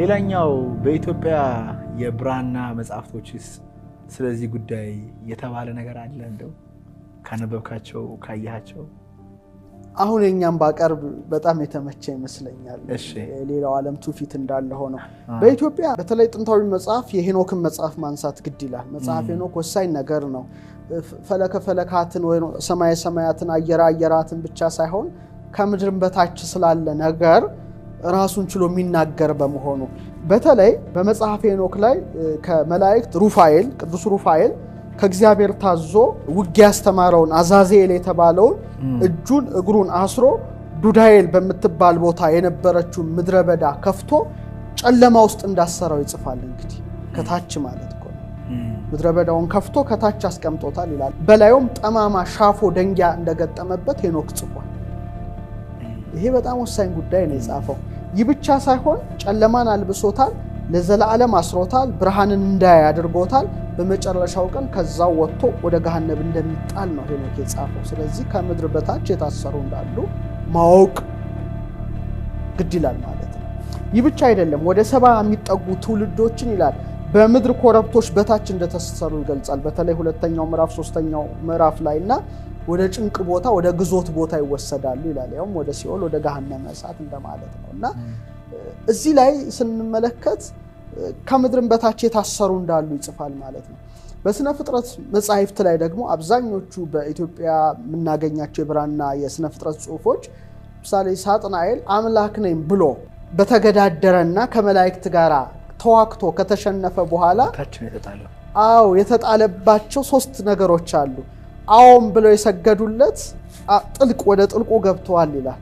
ሌላኛው በኢትዮጵያ የብራና መጽሐፍቶችስ ስለዚህ ጉዳይ የተባለ ነገር አለ? እንደው ካነበብካቸው ካያቸው። አሁን የኛም ባቀርብ በጣም የተመቸ ይመስለኛል። ሌላው ዓለም ትውፊት እንዳለ ሆነው በኢትዮጵያ በተለይ ጥንታዊ መጽሐፍ የሄኖክን መጽሐፍ ማንሳት ግድ ይላል። መጽሐፍ ሄኖክ ወሳኝ ነገር ነው። ፈለከ ፈለካትን ወይ ሰማየ ሰማያትን አየራ አየራትን ብቻ ሳይሆን ከምድርም በታች ስላለ ነገር ራሱን ችሎ የሚናገር በመሆኑ በተለይ በመጽሐፈ ሄኖክ ላይ ከመላእክት ሩፋኤል ቅዱስ ሩፋኤል ከእግዚአብሔር ታዞ ውጊ ያስተማረውን አዛዜል የተባለውን እጁን እግሩን አስሮ ዱዳኤል በምትባል ቦታ የነበረችውን ምድረ በዳ ከፍቶ ጨለማ ውስጥ እንዳሰራው ይጽፋል። እንግዲህ ከታች ማለት እኮ ምድረ በዳውን ከፍቶ ከታች አስቀምጦታል ይላል። በላዩም ጠማማ ሻፎ ደንጊያ እንደገጠመበት ሄኖክ ጽፏል። ይሄ በጣም ወሳኝ ጉዳይ ነው የጻፈው። ይህ ብቻ ሳይሆን ጨለማን አልብሶታል፣ ለዘላለም አስሮታል፣ ብርሃንን እንዳያይ አድርጎታል። በመጨረሻው ቀን ከዛው ወጥቶ ወደ ገሃነብ እንደሚጣል ነው ሄኖክ የጻፈው። ስለዚህ ከምድር በታች የታሰሩ እንዳሉ ማወቅ ግድ ይላል ማለት ነው። ይህ ብቻ አይደለም፣ ወደ ሰባ የሚጠጉ ትውልዶችን ይላል በምድር ኮረብቶች በታች እንደተሰሩ ይገልጻል። በተለይ ሁለተኛው ምዕራፍ ሶስተኛው ምዕራፍ ላይ እና ወደ ጭንቅ ቦታ ወደ ግዞት ቦታ ይወሰዳሉ ይላል። ያውም ወደ ሲኦል ወደ ገሃነመ እሳት እንደማለት ነው እና እዚህ ላይ ስንመለከት ከምድርን በታች የታሰሩ እንዳሉ ይጽፋል ማለት ነው። በስነ ፍጥረት መጽሐፍት ላይ ደግሞ አብዛኞቹ በኢትዮጵያ የምናገኛቸው የብራና የስነ ፍጥረት ጽሁፎች ምሳሌ ሳጥናኤል አምላክ ነኝ ብሎ በተገዳደረና ከመላእክት ጋር ተዋክቶ ከተሸነፈ በኋላ አዎ የተጣለባቸው ሶስት ነገሮች አሉ። አዎን ብለው የሰገዱለት ጥልቅ ወደ ጥልቁ ገብተዋል ይላል።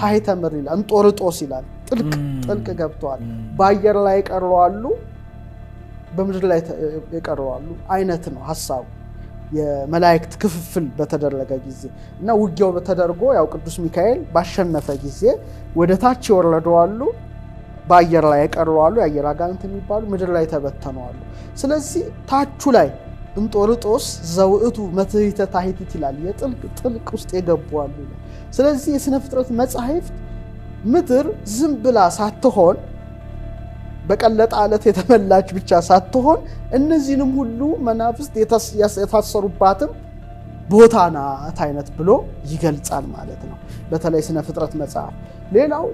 ታይተምር ይላል፣ እንጦርጦስ ይላል። ጥልቅ ጥልቅ ገብተዋል። በአየር ላይ የቀረዋሉ፣ በምድር ላይ የቀረዋሉ አይነት ነው ሀሳቡ። የመላእክት ክፍፍል በተደረገ ጊዜ እና ውጊያው በተደርጎ ያው ቅዱስ ሚካኤል ባሸነፈ ጊዜ ወደ ታች የወረደዋሉ፣ በአየር ላይ የቀረዋሉ፣ የአየር አጋንንት የሚባሉ ምድር ላይ ተበተነዋሉ። ስለዚህ ታቹ ላይ እንጦርጦስ ዘውእቱ መትህተ ታሂትት ይላል። የጥልቅ ጥልቅ ውስጥ የገቡ አሉ ስለዚህ የሥነ ፍጥረት መጻሕፍት ምድር ዝም ብላ ሳትሆን በቀለጠ ዓለት የተመላች ብቻ ሳትሆን እነዚህንም ሁሉ መናፍስት የታሰሩባትም ቦታ ናት አይነት ብሎ ይገልጻል ማለት ነው። በተለይ ስነ ፍጥረት መጽሐፍ። ሌላው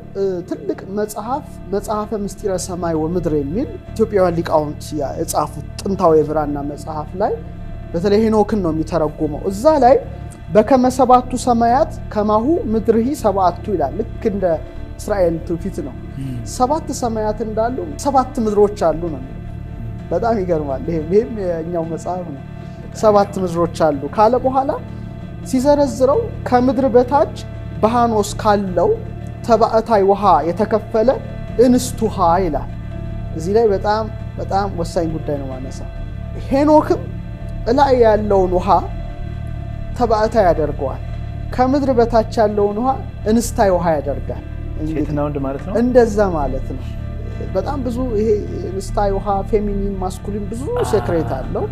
ትልቅ መጽሐፍ መጽሐፈ ምስጢረ ሰማይ ወምድር የሚል ኢትዮጵያውያን ሊቃውንት የጻፉት ጥንታዊ የብራና መጽሐፍ ላይ በተለይ ሄኖክን ነው የሚተረጉመው። እዛ ላይ በከመ ሰባቱ ሰማያት ከማሁ ምድርሂ ሰባቱ ይላል። ልክ እንደ እስራኤል ትውፊት ነው። ሰባት ሰማያት እንዳሉ ሰባት ምድሮች አሉ ነው። በጣም ይገርማል። ይሄም የኛው መጽሐፍ ነው። ሰባት ምድሮች አሉ ካለ በኋላ ሲዘረዝረው ከምድር በታች በሃኖስ ካለው ተባዕታይ ውሃ የተከፈለ እንስት ውሃ ይላል። እዚህ ላይ በጣም በጣም ወሳኝ ጉዳይ ነው ማነሳ። ሄኖክም እላይ ያለውን ውሃ ተባዕታይ ያደርገዋል፣ ከምድር በታች ያለውን ውሃ እንስታይ ውሃ ያደርጋል። እንደዛ ማለት ነው። በጣም ብዙ ይሄ ንስታ ውሃ ፌሚኒን ማስኩሊን ብዙ ሴክሬት አለው።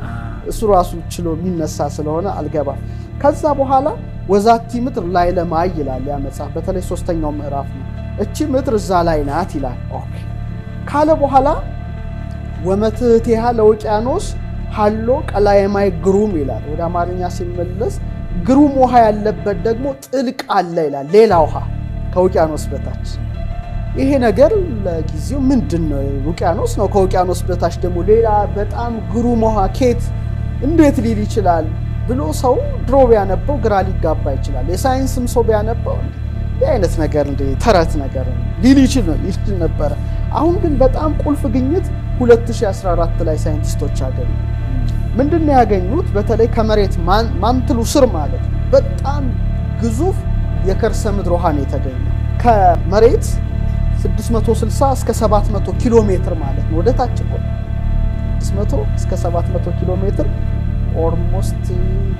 እሱ ራሱ ችሎ የሚነሳ ስለሆነ አልገባ ከዛ በኋላ ወዛቲ ምድር ላይ ለማይ ይላል ያ መጽሐፍ በተለይ ሶስተኛው ምዕራፍ ነው። እቺ ምድር እዛ ላይ ናት ይላል ካለ በኋላ ወመትህቴሃ ለውቅያኖስ ሀሎ ቀላየማይ ግሩም ይላል። ወደ አማርኛ ሲመለስ ግሩም ውሃ ያለበት ደግሞ ጥልቅ አለ ይላል። ሌላ ውሃ ከውቅያኖስ በታች ይሄ ነገር ለጊዜው ምንድን ነው? ውቅያኖስ ነው። ከውቅያኖስ በታች ደግሞ ሌላ በጣም ግሩም ውሃ ኬት እንዴት ሊል ይችላል ብሎ ሰው ድሮ ቢያነበው ግራ ሊጋባ ይችላል። የሳይንስም ሰው ቢያነበው ይህ አይነት ነገር እንደ ተረት ነገር ሊል ይችል ይችል ነበረ። አሁን ግን በጣም ቁልፍ ግኝት 2014 ላይ ሳይንቲስቶች አገኙ። ምንድን ነው ያገኙት? በተለይ ከመሬት ማንትሉ ስር ማለት በጣም ግዙፍ የከርሰ ምድር ውሃ ነው የተገኘ ከመሬት 660 እስከ 700 ኪሎ ሜትር ማለት ነው። ወደ ታች እኮ 600 እስከ 700 ኪሎ ሜትር ኦልሞስት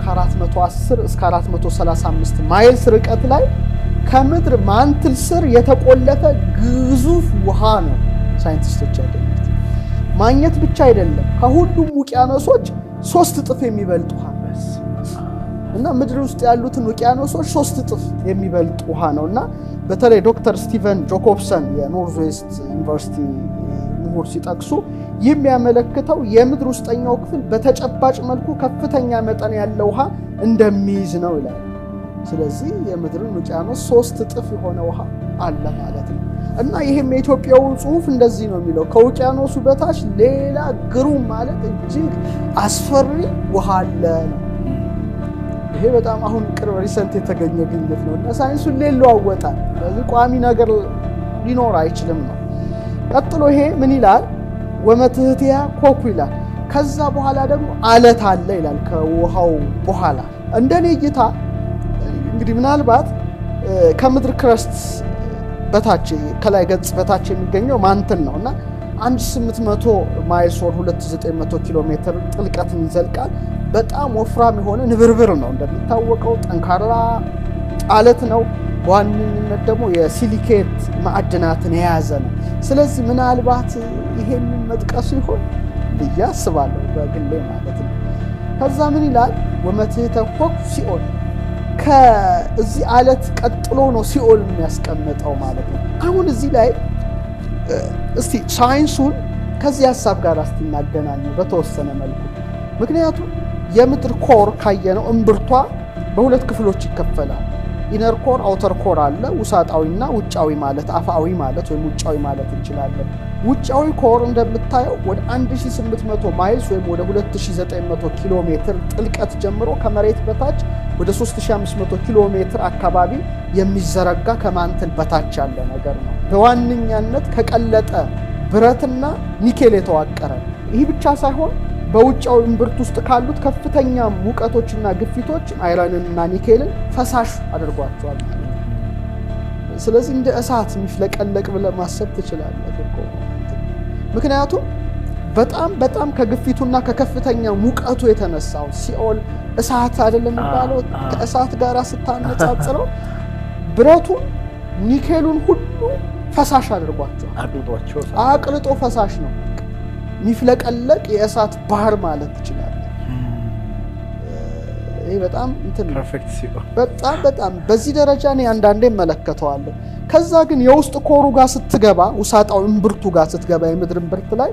ከ410 እስከ 435 ማይልስ ርቀት ላይ ከምድር ማንትል ስር የተቆለፈ ግዙፍ ውሃ ነው ሳይንቲስቶች ያገኙት። ማግኘት ብቻ አይደለም፣ ከሁሉም ውቅያኖሶች ሶስት እጥፍ የሚበልጥ ውሃ እና ምድር ውስጥ ያሉትን ውቅያኖሶች ሶስት እጥፍ የሚበልጥ ውሃ ነው እና በተለይ ዶክተር ስቲቨን ጆኮብሰን የኖርዝ ዌስት ዩኒቨርሲቲ ምሁር ሲጠቅሱ የሚያመለክተው የምድር ውስጠኛው ክፍል በተጨባጭ መልኩ ከፍተኛ መጠን ያለው ውሃ እንደሚይዝ ነው ይላል። ስለዚህ የምድርን ውቅያኖስ ሶስት እጥፍ የሆነ ውሃ አለ ማለት ነው እና ይህም የኢትዮጵያው ጽሁፍ እንደዚህ ነው የሚለው ከውቅያኖሱ በታች ሌላ ግሩም ማለት እጅግ አስፈሪ ውሃ አለ ነው። ይሄ በጣም አሁን ቅርብ ሪሰንት የተገኘ ግኝት ነው እና ሳይንሱ ይለዋወጣል። ስለዚህ ቋሚ ነገር ሊኖር አይችልም ነው። ቀጥሎ ይሄ ምን ይላል? ወመትህትያ ኮኩ ይላል። ከዛ በኋላ ደግሞ አለት አለ ይላል። ከውሃው በኋላ እንደኔ እይታ እንግዲህ ምናልባት ከምድር ክረስት በታች ከላይ ገጽ በታች የሚገኘው ማንትን ነው እና 1800 ማይልስ ወር 2900 ኪሎ ሜትር ጥልቀትን ይዘልቃል። በጣም ወፍራም የሆነ ንብርብር ነው። እንደሚታወቀው ጠንካራ አለት ነው። በዋነኝነት ደግሞ የሲሊኬት ማዕድናትን የያዘ ነው። ስለዚህ ምናልባት ይሄን መጥቀሱ ይሆን ብዬ አስባለሁ፣ በግሌ ማለት ነው። ከዛ ምን ይላል ወመትሕተ ኮኩ ሲኦል፣ ከዚህ አለት ቀጥሎ ነው ሲኦል የሚያስቀምጠው ማለት ነው። አሁን እዚህ ላይ እስቲ ሳይንሱን ከዚህ ሀሳብ ጋር እስቲ እናገናኘው በተወሰነ መልኩ ምክንያቱም የምድር ኮር ካየነው እምብርቷ በሁለት ክፍሎች ይከፈላል። ኢነር ኮር፣ አውተር ኮር አለ። ውሳጣዊና ውጫዊ ማለት አፋዊ ማለት ወይም ውጫዊ ማለት እንችላለን። ውጫዊ ኮር እንደምታየው ወደ 1800 ማይልስ ወይም ወደ 2900 ኪሎ ሜትር ጥልቀት ጀምሮ ከመሬት በታች ወደ 3500 ኪሎ ሜትር አካባቢ የሚዘረጋ ከማንትል በታች ያለ ነገር ነው። በዋነኛነት ከቀለጠ ብረትና ኒኬል የተዋቀረ ይህ ብቻ ሳይሆን በውጫዊ እምብርት ውስጥ ካሉት ከፍተኛ ሙቀቶችና ግፊቶች አይረንንና ኒኬልን ፈሳሽ አድርጓቸዋል ስለዚህ እንደ እሳት የሚፍለቀለቅ ብለህ ማሰብ ትችላለህ። ምክንያቱም በጣም በጣም ከግፊቱና ከከፍተኛ ሙቀቱ የተነሳው ሲኦል እሳት አይደለም የሚባለው። ከእሳት ጋር ስታነጻጽረው ብረቱን ኒኬሉን ሁሉ ፈሳሽ አድርጓቸዋል። አቅልጦ ፈሳሽ ነው። የሚፍለቀለቅ የእሳት ባህር ማለት ትችላለ። ይህ በጣም በጣም በዚህ ደረጃ እኔ አንዳንዴ እመለከተዋለሁ። ከዛ ግን የውስጥ ኮሩ ጋር ስትገባ ውሳጣው እምብርቱ ጋር ስትገባ የምድር እምብርት ላይ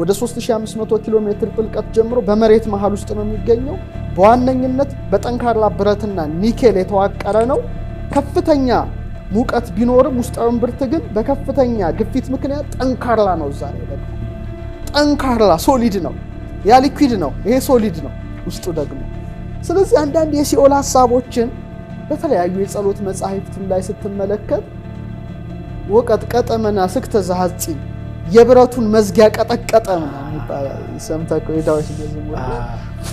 ወደ 3500 ኪሎ ሜትር ጥልቀት ጀምሮ በመሬት መሀል ውስጥ ነው የሚገኘው። በዋነኝነት በጠንካራ ብረትና ኒኬል የተዋቀረ ነው። ከፍተኛ ሙቀት ቢኖርም ውስጣዊ እምብርት ግን በከፍተኛ ግፊት ምክንያት ጠንካራ ነው። እዛ ነው ጠንካራ ሶሊድ ነው። ያ ሊኩዊድ ነው፣ ይሄ ሶሊድ ነው ውስጡ ደግሞ። ስለዚህ አንዳንድ የሲኦል ሀሳቦችን በተለያዩ የጸሎት መጻሕፍትም ላይ ስትመለከት ወቀት ቀጠመና ስክተ ዘሐጺ የብረቱን መዝጊያ ቀጠቀጠ ሰምተህ ዳዊት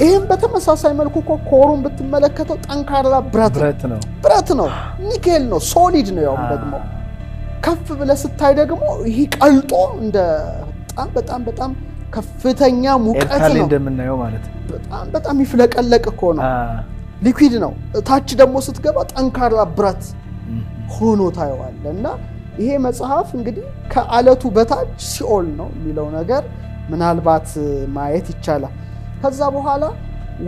ይህም በተመሳሳይ መልኩ እኮ ኮሩን ብትመለከተው ጠንካራ ብረት ነው፣ ብረት ነው፣ ኒኬል ነው፣ ሶሊድ ነው። ያውም ደግሞ ከፍ ብለህ ስታይ ደግሞ ይህ ቀልጦ እንደ በጣም በጣም በጣም ከፍተኛ ሙቀት ነው እንደምናየው ማለት ነው። በጣም በጣም ይፍለቀለቅ እኮ ነው፣ ሊኩዊድ ነው። ታች ደግሞ ስትገባ ጠንካራ ብረት ሆኖ ታየዋለህ። እና ይሄ መጽሐፍ እንግዲህ ከአለቱ በታች ሲኦል ነው የሚለው ነገር ምናልባት ማየት ይቻላል። ከዛ በኋላ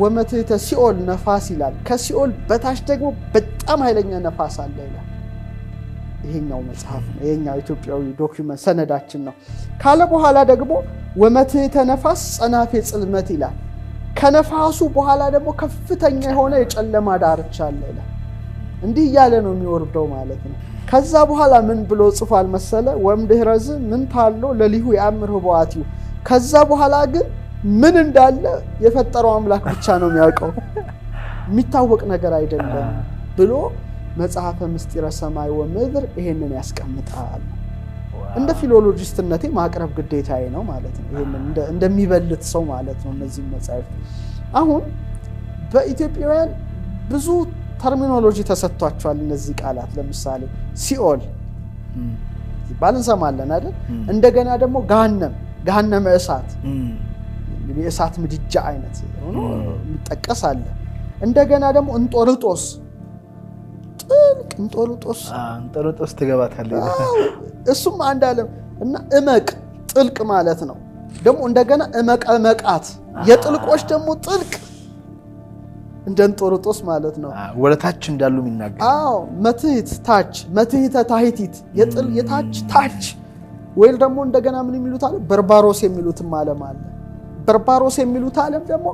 ወመትህተ ሲኦል ነፋስ ይላል። ከሲኦል በታች ደግሞ በጣም ኃይለኛ ነፋስ አለ ይላል። ይሄኛው መጽሐፍ ነው። ይሄኛው ኢትዮጵያዊ ዶኪመንት ሰነዳችን ነው ካለ በኋላ ደግሞ ወመትሕተ ነፋስ ጸናፌ ጽልመት ይላል። ከነፋሱ በኋላ ደግሞ ከፍተኛ የሆነ የጨለማ ዳርቻ አለ ይላል። እንዲህ እያለ ነው የሚወርደው ማለት ነው። ከዛ በኋላ ምን ብሎ ጽፏል መሰለ? ወእምድኅረዝ ምን ታሎ ለሊሁ የአምር ህቡአትዩ። ከዛ በኋላ ግን ምን እንዳለ የፈጠረው አምላክ ብቻ ነው የሚያውቀው፣ የሚታወቅ ነገር አይደለም ብሎ መጽሐፈ ምስጢረ ሰማይ ወምድር ይሄንን ያስቀምጣል። እንደ ፊሎሎጂስትነቴ ማቅረብ ግዴታዬ ነው ማለት ነው። ይሄንን እንደሚበልጥ ሰው ማለት ነው። እነዚህ መጽሐፍት አሁን በኢትዮጵያውያን ብዙ ተርሚኖሎጂ ተሰጥቷቸዋል። እነዚህ ቃላት ለምሳሌ ሲኦል ሲባል እንሰማለን አይደል? እንደገና ደግሞ ገሃነም፣ ገሃነመ እሳት የእሳት ምድጃ አይነት ሆኖ የሚጠቀስ አለ። እንደገና ደግሞ እንጦርጦስ እንጦሎጦስ እንጦሎጦስ ትገባታለህ። እሱም አንድ ዓለም እና እመቅ ጥልቅ ማለት ነው። ደግሞ እንደገና እመቀ መቃት የጥልቆች ደግሞ ጥልቅ እንደ እንጦሮጦስ ማለት ነው። ወደታች እንዳሉ የሚናገር መትህት ታች መትህተ ታህቲት የታች ታች ወይም ደግሞ እንደገና ምን የሚሉት አለ በርባሮስ የሚሉትም ዓለም አለ። በርባሮስ የሚሉት ዓለም ደግሞ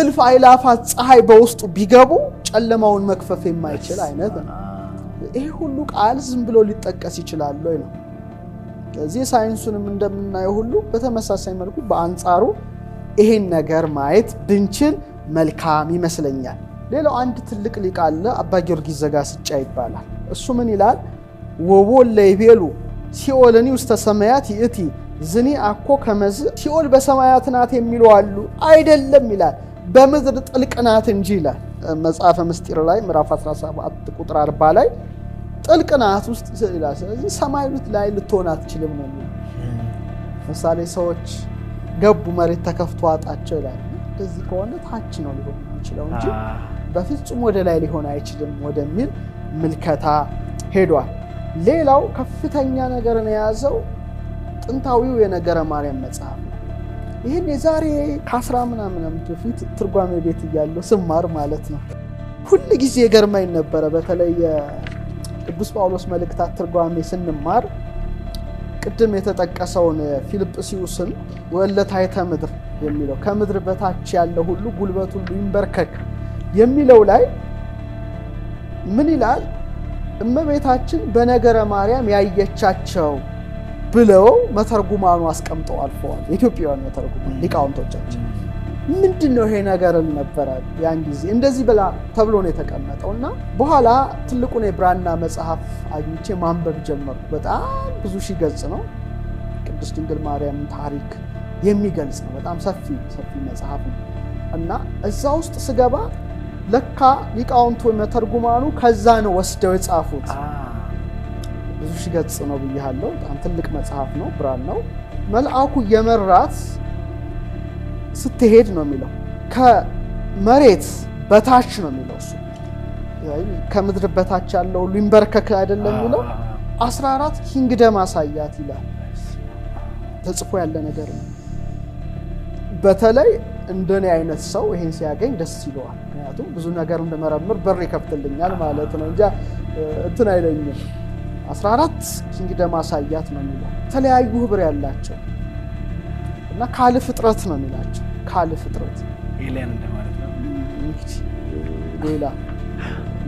እልፍ አይላፋት ፀሐይ በውስጡ ቢገቡ ጨለማውን መክፈፍ የማይችል አይነት ነው። ይህ ሁሉ ቃል ዝም ብሎ ሊጠቀስ ይችላል ወይ ነው። ስለዚህ ሳይንሱንም እንደምናየው ሁሉ በተመሳሳይ መልኩ በአንጻሩ ይሄን ነገር ማየት ብንችል መልካም ይመስለኛል። ሌላው አንድ ትልቅ ሊቅ አለ፣ አባ ጊዮርጊስ ዘጋስጫ ይባላል። እሱ ምን ይላል? ወቦል ለይቤሉ ሲኦልኒ ውስተ ሰማያት ይእቲ ዝኒ አኮ ከመዝ ሲኦል በሰማያት ናት የሚሉ አሉ። አይደለም ይላል፣ በምድር ጥልቅ ናት እንጂ ይላል። መጽሐፈ ምስጢር ላይ ምዕራፍ 17 ቁጥር 40 ላይ ጥልቅ ናት ውስጥ ስላ ስለዚህ ሰማይ ላይ ልትሆን አትችልም ነው ምሳሌ ሰዎች ገቡ መሬት ተከፍቶ አጣቸው ይላል። እንደዚህ ከሆነ ታች ነው ሊሆን የሚችለው እንጂ በፍጹም ወደ ላይ ሊሆን አይችልም ወደሚል ምልከታ ሄዷል። ሌላው ከፍተኛ ነገርን የያዘው ጥንታዊው የነገረ ማርያም መጽሐፍ ነው። ይህን የዛሬ ከአስራ ምናምን ዓመት በፊት ትርጓሜ ቤት እያለው ስማር ማለት ነው ሁል ጊዜ ገርማኝ ነበረ በተለይ ቅዱስ ጳውሎስ መልእክታት ትርጓሜ ስንማር ቅድም የተጠቀሰውን ፊልጵስዩስን ወለታይተ ምድር የሚለው ከምድር በታች ያለ ሁሉ ጉልበት ሁሉ ይንበርከክ የሚለው ላይ ምን ይላል? እመቤታችን በነገረ ማርያም ያየቻቸው ብለው መተርጉማኑ አስቀምጠው አልፈዋል። የኢትዮጵያውያን መተርጉማ ሊቃውንቶቻችን ምንድን ነው ይሄ ነገር ነበረ ያን ጊዜ እንደዚህ ብላ ተብሎ ነው የተቀመጠው። እና በኋላ ትልቁን የብራና መጽሐፍ አግኝቼ ማንበብ ጀመርኩ። በጣም ብዙ ሺህ ገጽ ነው። ቅድስት ድንግል ማርያም ታሪክ የሚገልጽ ነው። በጣም ሰፊ ሰፊ መጽሐፍ ነው እና እዛ ውስጥ ስገባ ለካ ሊቃውንቱ መተርጉማኑ ከዛ ነው ወስደው የጻፉት። ብዙ ሺህ ገጽ ነው ብያለው። በጣም ትልቅ መጽሐፍ ነው። ነው መልአኩ የመራት ስትሄድ ነው የሚለው። ከመሬት በታች ነው የሚለው እሱ ከምድር በታች ያለው ሊንበርከክ አይደለም የሚለው። አስራ አራት ኪንግደም አሳያት ይላል ተጽፎ ያለ ነገር ነው። በተለይ እንደኔ አይነት ሰው ይሄን ሲያገኝ ደስ ይለዋል። ምክንያቱም ብዙ ነገር እንደመረምር በር ይከፍትልኛል ማለት ነው እንጂ እንትን አይለኝም። 14 አራት ኪንግደም አሳያት ነው የሚለው የተለያዩ ህብር ያላቸው እና ካል ፍጥረት ነው የሚላቸው። ካል ፍጥረት ኤሊያን እንደማለት ነው ሌላ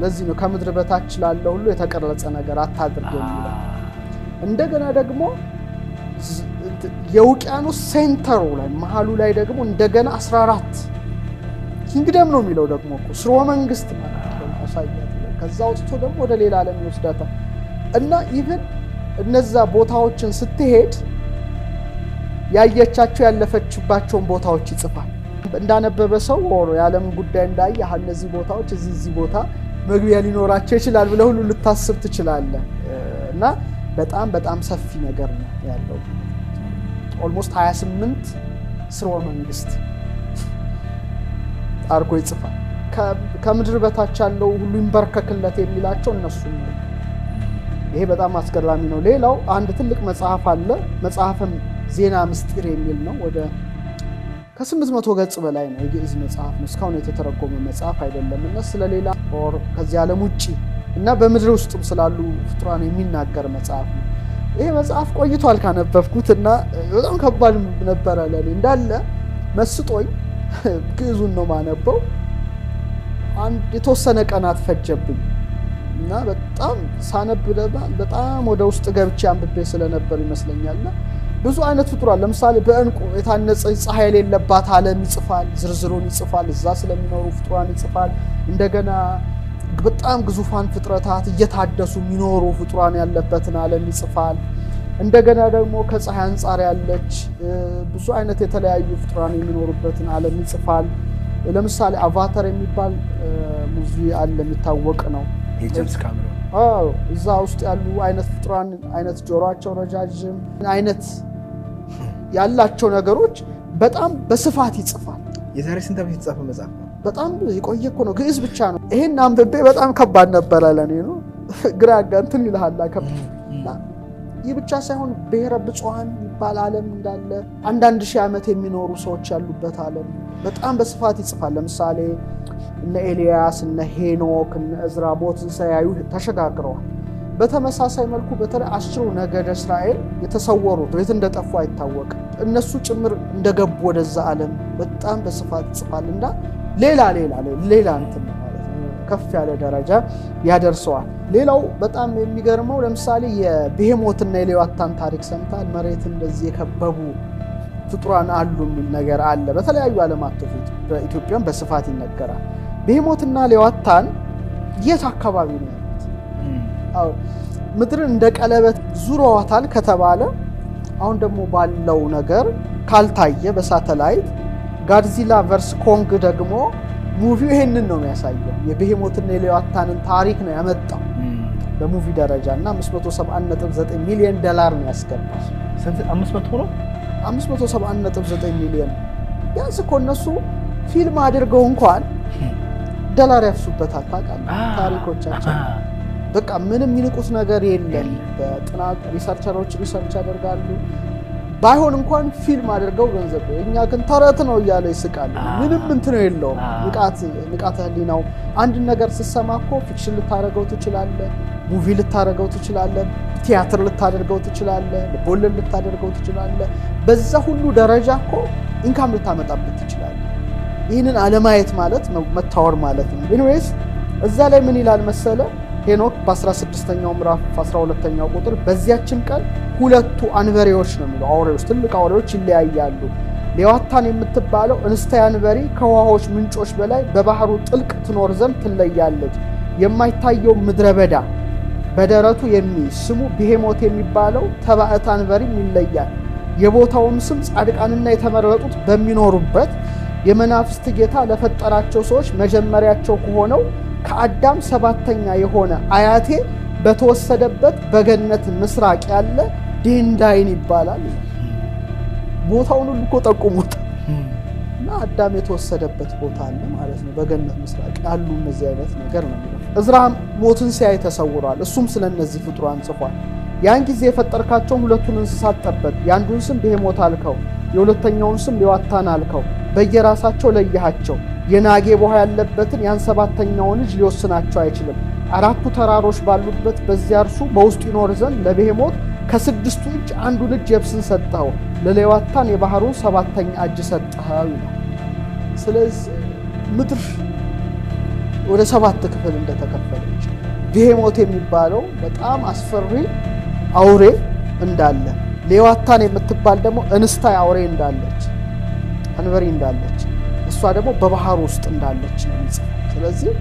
ለዚህ ነው ከምድር በታች ላለ ሁሉ የተቀረጸ ነገር አታድርገ የሚለው። እንደገና ደግሞ የውቅያኖስ ሴንተሩ ላይ መሀሉ ላይ ደግሞ እንደገና 14 ኪንግደም ነው የሚለው ደግሞ እኮ ስርወ መንግስት ከዛ ወጥቶ ደግሞ ወደ ሌላ ዓለም ይወስዳታል እና ይህን እነዛ ቦታዎችን ስትሄድ ያየቻቸው ያለፈችባቸውን ቦታዎች ይጽፋል። እንዳነበበ ሰው ሆኖ የዓለም ጉዳይ እንዳየ እነዚህ ቦታዎች እዚህ እዚህ ቦታ መግቢያ ሊኖራቸው ይችላል ብለህ ሁሉ ልታስብ ትችላለህ። እና በጣም በጣም ሰፊ ነገር ነው ያለው። ኦልሞስት 28 ስርወ መንግስት አድርጎ ይጽፋል። ከምድር በታች ያለው ሁሉ ይንበርከክለት የሚላቸው እነሱ ይሄ በጣም አስገራሚ ነው። ሌላው አንድ ትልቅ መጽሐፍ አለ መጽሐፍም ዜና ምስጢር የሚል ነው። ወደ ከ መቶ ገጽ በላይ ነው። የግዕዝ መጽሐፍ ነው። እስካሁን የተተረጎመ መጽሐፍ አይደለም እና ስለሌላ ኦር ከዚህ ዓለም ውጭ እና በምድር ውስጥም ስላሉ ፍጡራን የሚናገር መጽሐፍ ነው። ይሄ መጽሐፍ ቆይቷል ካነበብኩት እና በጣም ከባድ ነበረ ለኔ እንዳለ መስጦኝ ግዕዙን ነው ማነበው። አንድ የተወሰነ ቀናት ፈጀብኝ እና በጣም ሳነብ በጣም ወደ ውስጥ ገብቼ አንብቤ ስለነበር ይመስለኛል ብዙ አይነት ፍጡራን ለምሳሌ በእንቁ የታነጸ ፀሐይ የሌለባት ዓለም ይጽፋል። ዝርዝሩን ይጽፋል። እዛ ስለሚኖሩ ፍጡራን ይጽፋል። እንደገና በጣም ግዙፋን ፍጥረታት እየታደሱ የሚኖሩ ፍጡራን ያለበትን ዓለም ይጽፋል። እንደገና ደግሞ ከፀሐይ አንጻር ያለች ብዙ አይነት የተለያዩ ፍጡራን የሚኖሩበትን ዓለም ይጽፋል። ለምሳሌ አቫተር የሚባል ሙዚ አለ፣ የሚታወቅ ነው። ጀምስ ካሜሮን እዛ ውስጥ ያሉ አይነት ፍጡራን አይነት ጆሯቸው ረጃጅም አይነት ያላቸው ነገሮች በጣም በስፋት ይጽፋል። የዛሬ ስንት ዓመት የተጻፈ መጽሐፍ ነው። በጣም የቆየ እኮ ነው። ግዕዝ ብቻ ነው። ይሄን አንብቤ በጣም ከባድ ነበረ ለእኔ ነው። ግራ እንትን ይልሃል ከብ ይህ ብቻ ሳይሆን ብሔረ ብፁዓን የሚባል ዓለም እንዳለ አንዳንድ ሺህ ዓመት የሚኖሩ ሰዎች ያሉበት ዓለም በጣም በስፋት ይጽፋል። ለምሳሌ እነ ኤልያስ፣ እነ ሄኖክ፣ እነ እዝራ ቦት ሳያዩ ተሸጋግረዋል። በተመሳሳይ መልኩ በተለይ አስሩ ነገደ እስራኤል የተሰወሩት ቤት እንደጠፉ አይታወቅም። እነሱ ጭምር እንደገቡ ወደዛ ዓለም በጣም በስፋት ይጽፋል እና ሌላ ሌላ ሌላ እንትን ከፍ ያለ ደረጃ ያደርሰዋል። ሌላው በጣም የሚገርመው ለምሳሌ የብሄሞትና የሌዋታን ታሪክ ሰምታል። መሬት እንደዚህ የከበቡ ፍጡራን አሉ የሚል ነገር አለ። በተለያዩ ዓለማት ትውፊት በኢትዮጵያም በስፋት ይነገራል። ብሄሞትና ሌዋታን የት አካባቢ ነው ያሉት? ምድርን እንደ ቀለበት ዙረዋታል ከተባለ አሁን ደግሞ ባለው ነገር ካልታየ በሳተላይት ጋድዚላ ቨርስ ኮንግ ደግሞ ሙቪው ይሄንን ነው የሚያሳየው። የብሄሞትና የሌዋታንን ታሪክ ነው ያመጣው በሙቪ ደረጃ እና 571.9 ሚሊዮን ዶላር ነው ያስገባል። 571.9 ሚሊዮን ቢያንስ እኮ እነሱ ፊልም አድርገው እንኳን ዶላር ያፍሱበታል። ታውቃለህ ታሪኮቻቸው በቃ ምንም ይንቁት ነገር የለም። በጥናት ሪሰርቸሮች ሪሰርች ያደርጋሉ። ባይሆን እንኳን ፊልም አድርገው ገንዘብ እኛ ግን ተረት ነው እያለ ይስቃል። ምንም እንትን የለውም ንቃተ ህሊናው። አንድ ነገር ስትሰማ እኮ ፊክሽን ልታደርገው ትችላለህ፣ ሙቪ ልታደርገው ትችላለህ፣ ቲያትር ልታደርገው ትችላለህ፣ ልቦለድ ልታደርገው ትችላለህ። በዛ ሁሉ ደረጃ እኮ ኢንካም ልታመጣበት ትችላለህ። ይህንን አለማየት ማለት መታወር ማለት ነው። ኢንዌይስ እዛ ላይ ምን ይላል መሰለ ሄኖክ በ16ኛው ምዕራፍ 12ኛው ቁጥር በዚያችን ቀን ሁለቱ አንበሬዎች ነው የሚለው አውሬዎች፣ ትልቅ አውሬዎች ይለያያሉ። ሌዋታን የምትባለው እንስታይ አንበሪ ከውሃዎች ምንጮች በላይ በባህሩ ጥልቅ ትኖር ዘንድ ትለያለች። የማይታየው ምድረ በዳ በደረቱ የሚይዝ ስሙ ብሄሞት የሚባለው ተባዕት አንበሪም ይለያል። የቦታውም ስም ጻድቃንና የተመረጡት በሚኖሩበት የመናፍስት ጌታ ለፈጠራቸው ሰዎች መጀመሪያቸው ከሆነው ከአዳም ሰባተኛ የሆነ አያቴ በተወሰደበት በገነት ምስራቅ ያለ ዴንዳይን ይባላል። ቦታውን ሁሉ እኮ ጠቁሙት እና አዳም የተወሰደበት ቦታ አለ ማለት ነው። በገነት ምስራቅ ያሉ እነዚህ አይነት ነገር ነው የሚለው። እዝራም ሞትን ሲያይ ተሰውሯል። እሱም ስለ እነዚህ ፍጡራን ጽፏል። ያን ጊዜ የፈጠርካቸውን ሁለቱን እንስሳት ጠበቅ። የአንዱን ስም ብሄሞት አልከው፣ የሁለተኛውን ስም ሊዋታን አልከው። በየራሳቸው ለየሃቸው የናጌ ውሃ ያለበትን ያን ሰባተኛውን ልጅ ሊወስናቸው አይችልም። አራቱ ተራሮች ባሉበት በዚያ እርሱ በውስጡ ይኖር ዘንድ ለቤሄሞት ከስድስቱ እጅ አንዱን እጅ የብስን ሰጠኸው፣ ለሌዋታን የባህሩን ሰባተኛ እጅ ሰጠኸው ይላል። ስለዚህ ምድር ወደ ሰባት ክፍል እንደተከፈለች ቤሄሞት የሚባለው በጣም አስፈሪ አውሬ እንዳለ፣ ሌዋታን የምትባል ደግሞ እንስታይ አውሬ እንዳለች አንበሪ እንዳለ እሷ ደግሞ በባህር ውስጥ እንዳለች ነው የሚጽፈው። ስለዚህ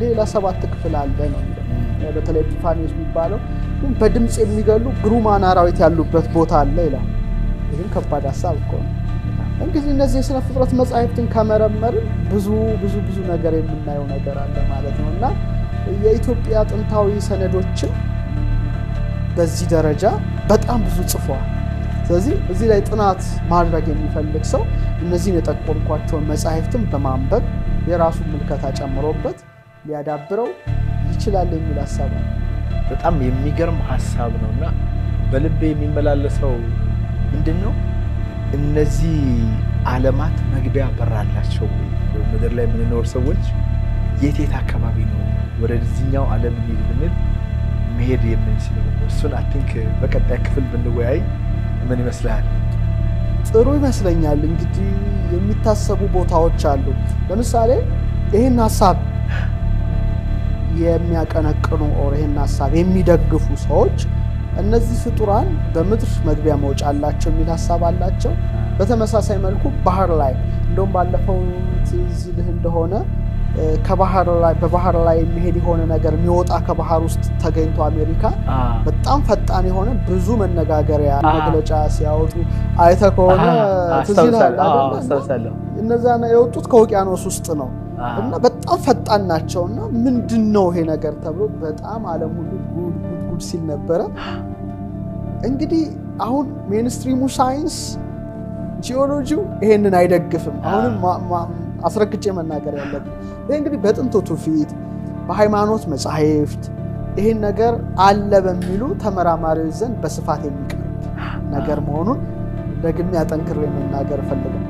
ሌላ ሰባት ክፍል አለ ነው በተለይ ኤፒፋኒዎስ የሚባለው ግን በድምፅ የሚገሉ ግሩማን አራዊት ያሉበት ቦታ አለ ይላል። ይህም ከባድ ሀሳብ እኮ ነው። እንግዲህ እነዚህ የስነ ፍጥረት መጽሐፍትን ከመረመርን ብዙ ብዙ ብዙ ነገር የምናየው ነገር አለ ማለት ነው እና የኢትዮጵያ ጥንታዊ ሰነዶችም በዚህ ደረጃ በጣም ብዙ ጽፏል። ስለዚህ እዚህ ላይ ጥናት ማድረግ የሚፈልግ ሰው እነዚህን የጠቆምኳቸውን መጽሐፍትን በማንበብ የራሱን ምልከታ ጨምሮበት ሊያዳብረው ይችላል የሚል ሀሳብ ነው። በጣም የሚገርም ሀሳብ ነው እና በልቤ የሚመላለሰው ምንድን ነው? እነዚህ ዓለማት መግቢያ በር አላቸው። ምድር ላይ የምንኖር ሰዎች የት የት አካባቢ ነው ወደዚህኛው ዓለም የሚል ብንል መሄድ የምንችለው እሱን አይ ቲንክ በቀጣይ ክፍል ብንወያይ ምን ይመስልሃል? ጥሩ ይመስለኛል። እንግዲህ የሚታሰቡ ቦታዎች አሉ። ለምሳሌ ይህን ሀሳብ የሚያቀነቅኑ ኦር ይህን ሀሳብ የሚደግፉ ሰዎች እነዚህ ፍጡራን በምድር መግቢያ መውጫ አላቸው የሚል ሀሳብ አላቸው። በተመሳሳይ መልኩ ባህር ላይ እንደውም ባለፈው ትዝ ይልህ እንደሆነ ከባህር ላይ በባህር ላይ የሚሄድ የሆነ ነገር የሚወጣ ከባህር ውስጥ ተገኝቶ አሜሪካ በጣም ፈጣን የሆነ ብዙ መነጋገሪያ መግለጫ ሲያወጡ አይተ ከሆነ እነዛ የወጡት ከውቅያኖስ ውስጥ ነው እና በጣም ፈጣን ናቸው እና ምንድን ነው ይሄ ነገር ተብሎ በጣም ዓለም ሁሉ ጉድ ጉድ ሲል ነበረ። እንግዲህ አሁን ሜንስትሪሙ ሳይንስ ጂኦሎጂው ይሄንን አይደግፍም። አሁንም አስረግጬ መናገር ያለብን ይህ እንግዲህ በጥንቱ ትውፊት በሃይማኖት መጽሐፍት ይህን ነገር አለ በሚሉ ተመራማሪዎች ዘንድ በስፋት የሚቀርብ ነገር መሆኑን ደግሜ አጠንክሬ መናገር እፈልጋለሁ።